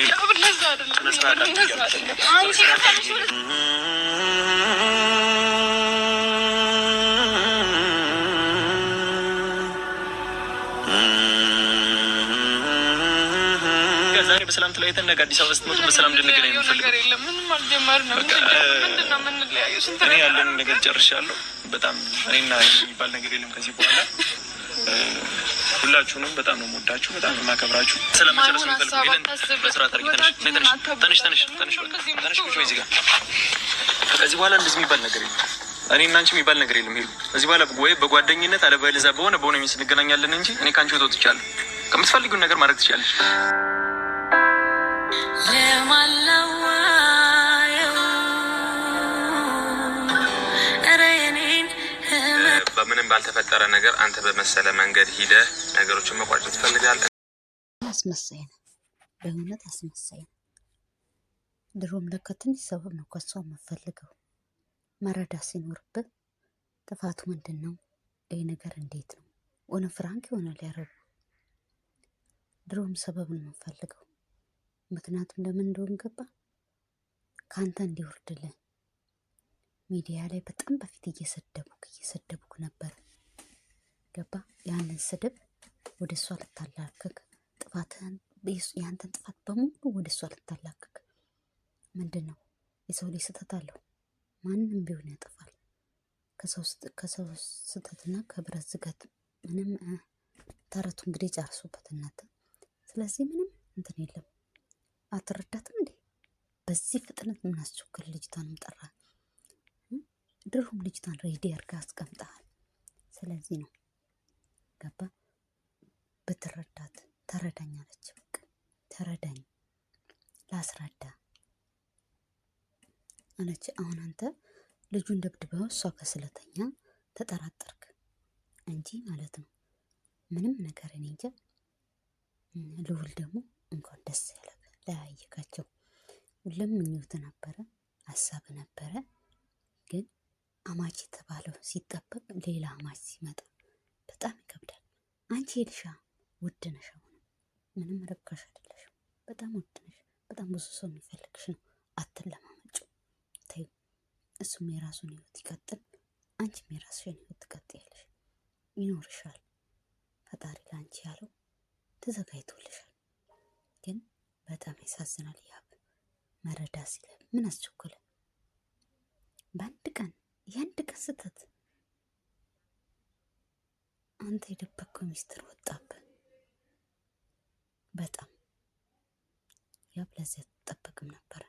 ዛሬ በሰላም ተለያይተን ነገ አዲስ አበባ ስትመጡ በሰላም እንድንገናኝ የምፈልገው እኔ ያለን ነገር ጨርሻለሁ። በጣም እኔና የሚባል ነገር የለም ከዚህ በኋላ ሁላችሁንም በጣም ነው የምወዳችሁ፣ በጣም ነው የማከብራችሁ። ስለመጨረስ ከዚህ በኋላ እንደዚህ የሚባል ነገር የለም። እኔ እና አንቺ የሚባል ነገር የለም። ሄሉ እዚህ በኋላ ወይ በጓደኝነት አለበለዚያ በሆነ በሆነ ሚስ እንገናኛለን እንጂ እኔ ከአንቺ ወጥቻለሁ። ከምትፈልጊውን ነገር ማድረግ ትችላለች። ባልተፈጠረ ነገር አንተ በመሰለ መንገድ ሂደህ ነገሮችን መቋጨት ትፈልጋለህ። አስመሳይ ነው፣ በእውነት አስመሳይ ነው። ድሮም ለካ ትንሽ ሰበብ ነው ከሷ የምፈልገው። መረዳ ሲኖርብህ ጥፋቱ ምንድን ነው? ይህ ነገር እንዴት ነው? ሆነ ፍራንክ የሆነ ሊያረጉ ድሮም ሰበብ ነው የምንፈልገው። ምክንያቱም ለምን እንደሆን ገባ ከአንተ እንዲወርድልን ሚዲያ ላይ በጣም በፊት እየሰደቡክ እየሰደቡክ ነበር። ገባ ያንን ስድብ ወደ እሷ ልታላክክ ጥፋትህን ያንተን ጥፋት በሙሉ ወደ እሷ ልታላክክ ምንድን ነው? የሰው ልጅ ስህተት አለው። ማንም ቢሆን ያጠፋል። ከሰው ስህተትና ከብረት ዝገት ምንም ተረቱ እንግዲህ ጨርሱበት እናት። ስለዚህ ምንም እንትን የለም። አትረዳትም እንዴ? በዚህ ፍጥነት ምናስቸኩል ልጅቷን ጠራ ድሮም ልጅቷን ሬዲ አድርጋ አስቀምጠሃል። ስለዚህ ነው ገባ ብትረዳት ተረዳኝ አለች። በቃ ተረዳኝ ላስረዳ አለች። አሁን አንተ ልጁን ደብድበው እሷ ከስለተኛ ተጠራጠርክ እንጂ ማለት ነው። ምንም ነገር እኔ እንጃ። ልውል ደግሞ እንኳን ደስ ያለ ለያየካቸው ሁለም ምኞት ነበረ፣ ሀሳብ ነበረ ግን አማች የተባለው ሲጠበቅ ሌላ አማች ሲመጣ በጣም ይከብዳል። አንቺ የልሻ ውድ ነሽ፣ አሁን ምንም ረብካሽ አይደለሽም። በጣም ውድ ነሽ። በጣም ብዙ ሰው የሚፈልግሽ ነው። አትለማመጭ። ተይው፣ እሱም የራሱን ህይወት ይቀጥል፣ አንቺም የራስሽን ህይወት ትቀጥያለሽ። ይኖርሻል። ፈጣሪ ለአንቺ ያለው ተዘጋጅቶልሻል። ግን በጣም ያሳዝናል። ያብ መረዳ ሲለ ምን አስቸኮለ በአንድ ቀን የአንድ ቀን ስህተት አንተ የደበቀው ሚስጥር ወጣብህ። በጣም ያ ብለዚያ ትጠበቅም ነበረ።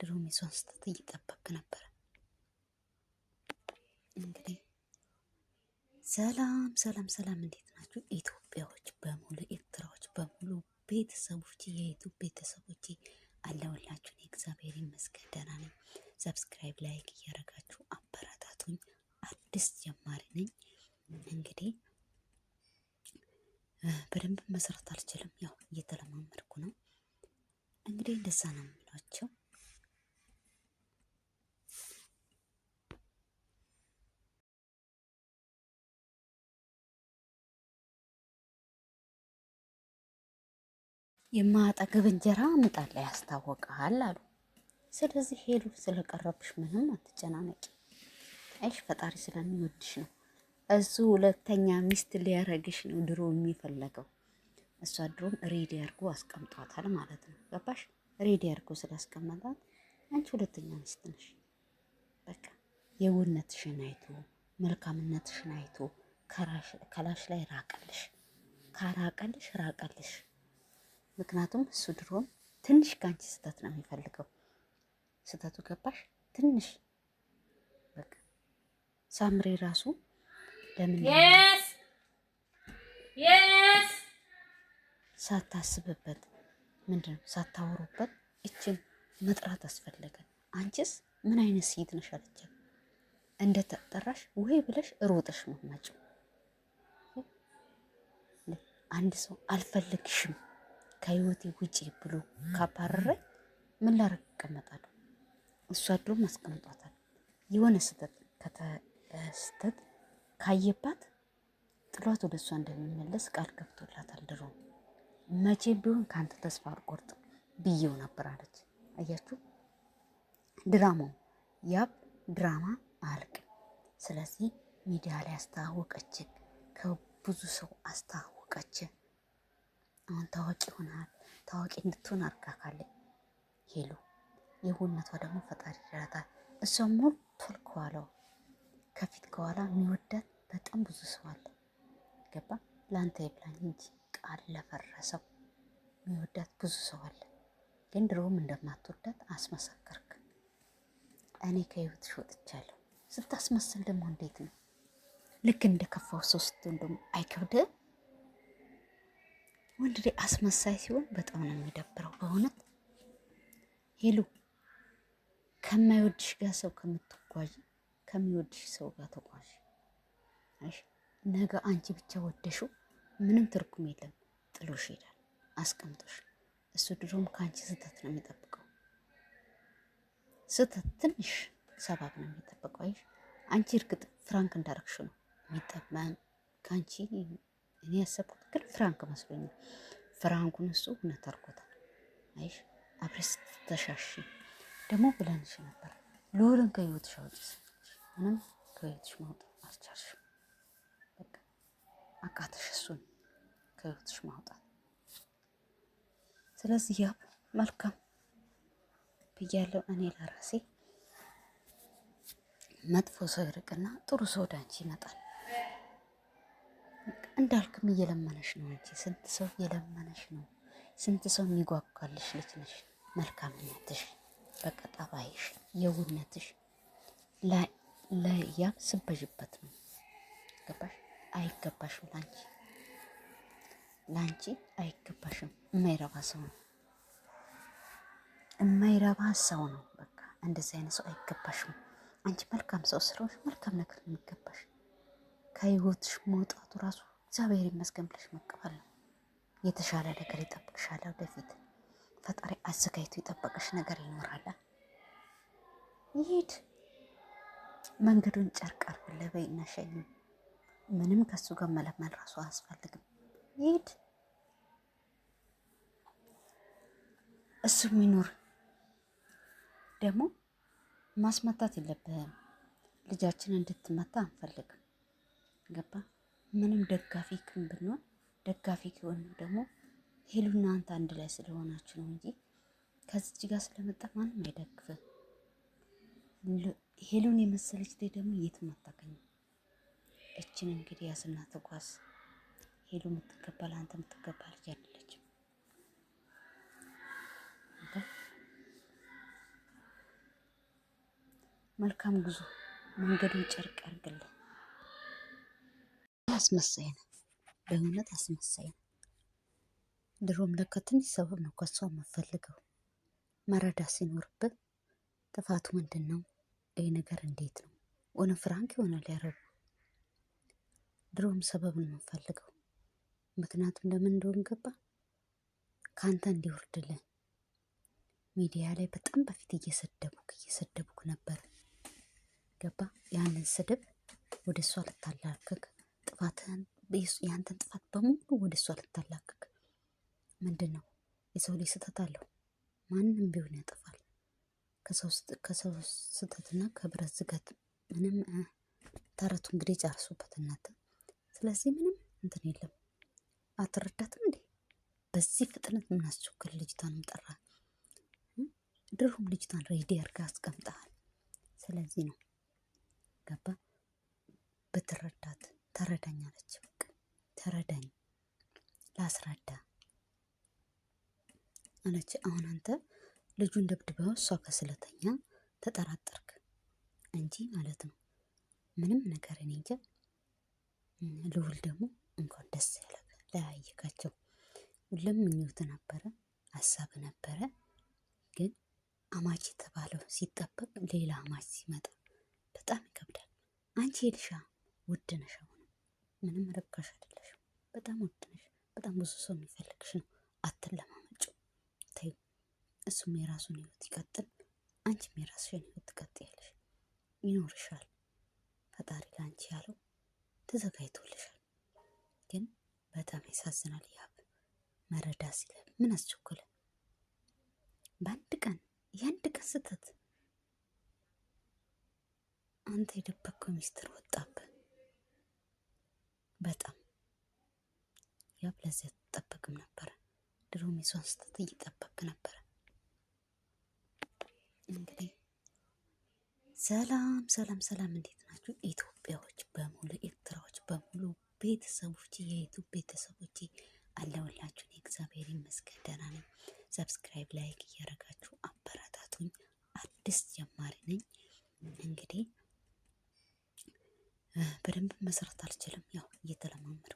ድሮም የሷን ስህተት እየጠበቅክ ነበረ። እንግዲህ ሰላም ሰላም ሰላም፣ እንዴት ናችሁ ኢትዮጵያዎች በሙሉ ኤርትራዎች በሙሉ ቤተሰቦች የዩቱብ ቤተሰቦች አለውላችሁ የእግዚአብሔር ይመስገን ደህና ነኝ። ሰብስክራይብ ላይክ እያደረጋችሁ አዲስ ጀማሪ ነኝ። እንግዲህ በደንብ መስራት አልችልም፣ ያው እየተለማመድኩ ነው። እንግዲህ እንደዛ ነው የምላቸው። የማጠገብ እንጀራ ምጣድ ላይ ያስታወቃል አሉ። ስለዚህ ሄሉ ስለቀረብሽ ምንም አትጨናነቂ። አይሽ ፈጣሪ ስለሚወድሽ ነው። እሱ ሁለተኛ ሚስት ሊያረግሽ ነው ድሮ የሚፈለገው። እሷ ድሮም ሬዲ አድርጎ አስቀምጧታል ማለት ነው። ገባሽ? ሬዲ አድርጎ ስላስቀመጣት አንቺ ሁለተኛ ሚስት ነሽ። በቃ የውነትሽን አይቶ መልካምነትሽን አይቶ ከላሽ ላይ ራቀልሽ፣ ካራቀልሽ ራቀልሽ። ምክንያቱም እሱ ድሮም ትንሽ ከአንቺ ስህተት ነው የሚፈልገው። ስህተቱ ገባሽ? ትንሽ ሳምሬ ራሱ ለምን ሳታስብበት ምንድን ነው ሳታወሩበት እችን መጥራት አስፈለገ? አንቺስ ምን አይነት ሴት ነሽ እንደ እንደተጠራሽ ወይ ብለሽ ሮጠሽ መማጭው አንድ ሰው አልፈልግሽም ከህይወቴ ውጪ ብሎ ካባረረኝ ምን ላረግ እቀመጣለሁ? እሷ ድሮም አስቀምጧታል። የሆነ ስህተት ስትት ካየባት ጥሏት ወደ እሷ እንደሚመለስ ቃል ገብቶላታል። ድሮ መቼም ቢሆን ከአንተ ተስፋ አልቆርጥም ብዬው ነበር አለች። አያችሁ ድራማው ያብ ድራማ አልቅ። ስለዚህ ሚዲያ ላይ አስተዋወቀችን፣ ከብዙ ሰው አስተዋወቀችን። አሁን ታዋቂ ሆናል። ታዋቂ እንድትሆን አርጋካለ ሄሉ የጎነቷ ደግሞ ፈጣሪ ይረዳታል። እሷ ሞልቷል ከኋላዋ ከፊት ከኋላ የሚወዳት በጣም ብዙ ሰው አለ። ገባ ለአንተ ይብላኝ እንጂ ቃል ለፈረሰው የሚወዳት ብዙ ሰው አለ። ግን ድሮም እንደማትወዳት አስመሰከርክ። እኔ ከህይወትሽ ወጥቻለሁ። ስታስመስል ደግሞ እንዴት ነው? ልክ እንደ ከፋው ሰው ስትሆን ደግሞ አይከብድም? ወንድ ላይ አስመሳይ ሲሆን በጣም ነው የሚደብረው በእውነት ሄሉ ከማይወድሽ ጋር ሰው ከምትጓዥ ከሚወድሽ ሰው ጋር ተቋሽ። ነገ አንቺ ብቻ ወደሹ ምንም ትርጉም የለም፣ ጥሎሽ ይሄዳል አስቀምጦሽ። እሱ ድሮም ከአንቺ ስህተት ነው የሚጠብቀው፣ ስህተት ትንሽ ሰባብ ነው የሚጠብቀው። አይ አንቺ እርግጥ ፍራንክ እንዳረግሽ ነው የሚጠመም ከአንቺ እኔ ያሰብኩት ግን ፍራንክ መስሎኝ ፍራንኩን እሱ እውነት አድርጎታል። አይሽ አብረስ ተሻሽ ደግሞ ብለንሽ ነበር ልዑልን ከህይወትሽ አውጪ አሁንም ከህይወትሽ ማውጣት አልቻልሽም። በቃ አቃተሽ እሱን ከህይወትሽ ማውጣት። ስለዚህ ያ መልካም ብያለው እኔ ለራሴ መጥፎ ሰው ይርቅና ጥሩ ሰው ወደ አንቺ ይመጣል። እንዳልክም እየለመነሽ ነው እንጂ ስንት ሰው እየለመነሽ ነው። ስንት ሰው የሚጓጓልሽ ልጅ ነሽ። መልካምነትሽ፣ በቃ የውነትሽ ላይ ለያ ስበዥበት ነው ገባሽ? አይገባሽም። ላንቺ ላንቺ አይገባሽም። የማይረባ ሰው ነው፣ የማይረባ ሰው ነው። በቃ እንደዚህ አይነት ሰው አይገባሽም። አንቺ መልካም ሰው ስለሆንሽ መልካም ነገር የሚገባሽ ከህይወትሽ መውጣቱ ራሱ እግዚአብሔር ይመስገን ብለሽ መቀበል ነው። የተሻለ ነገር ይጠብቅሻል። ወደፊት ፈጣሪ አዘጋጅቶ የጠበቀሽ ነገር ይኖራል። ይሄድ መንገዱን ጨርቅ አድርግልህ በይና ሸኝም። ምንም ከሱ ጋር መለመን ራሱ አያስፈልግም። ይሄድ እሱ ይኑር። ደግሞ ማስመታት የለብህም። ልጃችን እንድትመታ አንፈልግም። ገባ? ምንም ደጋፊ ክም ብንሆን ደጋፊ ከሆን ደግሞ ሄሉና አንተ አንድ ላይ ስለሆናችሁ ነው እንጂ ከዚች ጋር ስለመጣ ማንም አይደግፍም። ሄሉን የመሰለች ላይ ደግሞ የትም አታገኝም። እችን እንግዲህ ያስና ተጓዝ። ሄሉ የምትገባ ለአንተ የምትገባ ልጅ አይደለችም። መልካም ጉዞ፣ መንገዱን ጨርቅ ያርግልን። አስመሳይ ነው፣ በእውነት አስመሳይ ነው። ድሮም ለካ ትንሽ ሰበብ ነው ከሷ የምፈልገው መረዳ ሲኖርብን ጥፋቱ ምንድን ነው? ይህ ነገር እንዴት ነው? ሆነ ፍራንክ ይሆናል ያረቡ። ድሮም ሰበብ ነው የምንፈልገው። ምክንያቱም ለምን እንደሆን ገባ ከአንተ እንዲወርድልን ሚዲያ ላይ በጣም በፊት እየሰደቡክ እየሰደቡክ ነበር። ገባ ያንን ስድብ ወደ እሷ ልታላክክ ጥፋትህን የአንተን ጥፋት በሙሉ ወደ እሷ ልታላክክ ምንድን ነው የሰው ልጅ ስህተት አለው። ማንም ቢሆን ያጠፋል። ከሰው ስህተትና ከብረት ዝገት ምንም ተረቱ እንግዲህ ጨርሱበት እናንተ። ስለዚህ ምንም እንትን የለም። አትረዳትም እንዴ? በዚህ ፍጥነት የምናስቸግር ልጅቷን ምጠራ ድርሁም ልጅቷን ሬዲ አድርጋ አስቀምጠሃል። ስለዚህ ነው ገባ ብትረዳት ተረዳኝ አለች። በቃ ተረዳኝ ላስረዳ አለች። አሁን አንተ ልጁን ደብድበው እሷ ከስለተኛ ተጠራጠርክ እንጂ ማለት ነው። ምንም ነገር እኔ እንጃ። ልውል ደግሞ እንኳን ደስ ያለ ለያይካቸው ለምኞት ነበረ ሀሳብ ነበረ። ግን አማች የተባለው ሲጠበቅ ሌላ አማች ሲመጣ በጣም ይከብዳል። አንቺ ልሻ ውድ ነሽ፣ አሁንም ምንም ረካሽ አይደለሽም። በጣም ውድ ነሽ። በጣም ብዙ ሰው የሚፈልግሽ ነው። አትለማ እሱም የራሱን ህይወት ይቀጥል፣ አንቺም የራስሽን ህይወት ትቀጥያለሽ፣ ይኖርሻል። ፈጣሪ ለአንቺ ያለው ተዘጋጅቶልሻል። ግን በጣም ያሳዝናል። ያብ መረዳ ሲለ ምን አስቸኮለ? በአንድ ቀን የአንድ ቀን ስህተት አንተ የደበቅከው ሚስጥር ወጣብህ። በጣም ያብ ለዚያ ትጠበቅም ነበረ። ድሮም የሷን ስህተት እየጠበቅ ነበረ። እንግዲህ ሰላም ሰላም ሰላም፣ እንዴት ናችሁ ኢትዮጵያዎች በሙሉ ኤርትራዎች በሙሉ ቤተሰቦች፣ የዩቱብ ቤተሰቦች አለውላችሁ የእግዚአብሔር ይመስገን ደህና ነኝ። ሰብስክራይብ፣ ላይክ እያደረጋችሁ አበረታቱኝ። አዲስ ጀማሪ ነኝ። እንግዲህ በደንብ መስራት አልችልም፣ ያው እየተለማመድኩ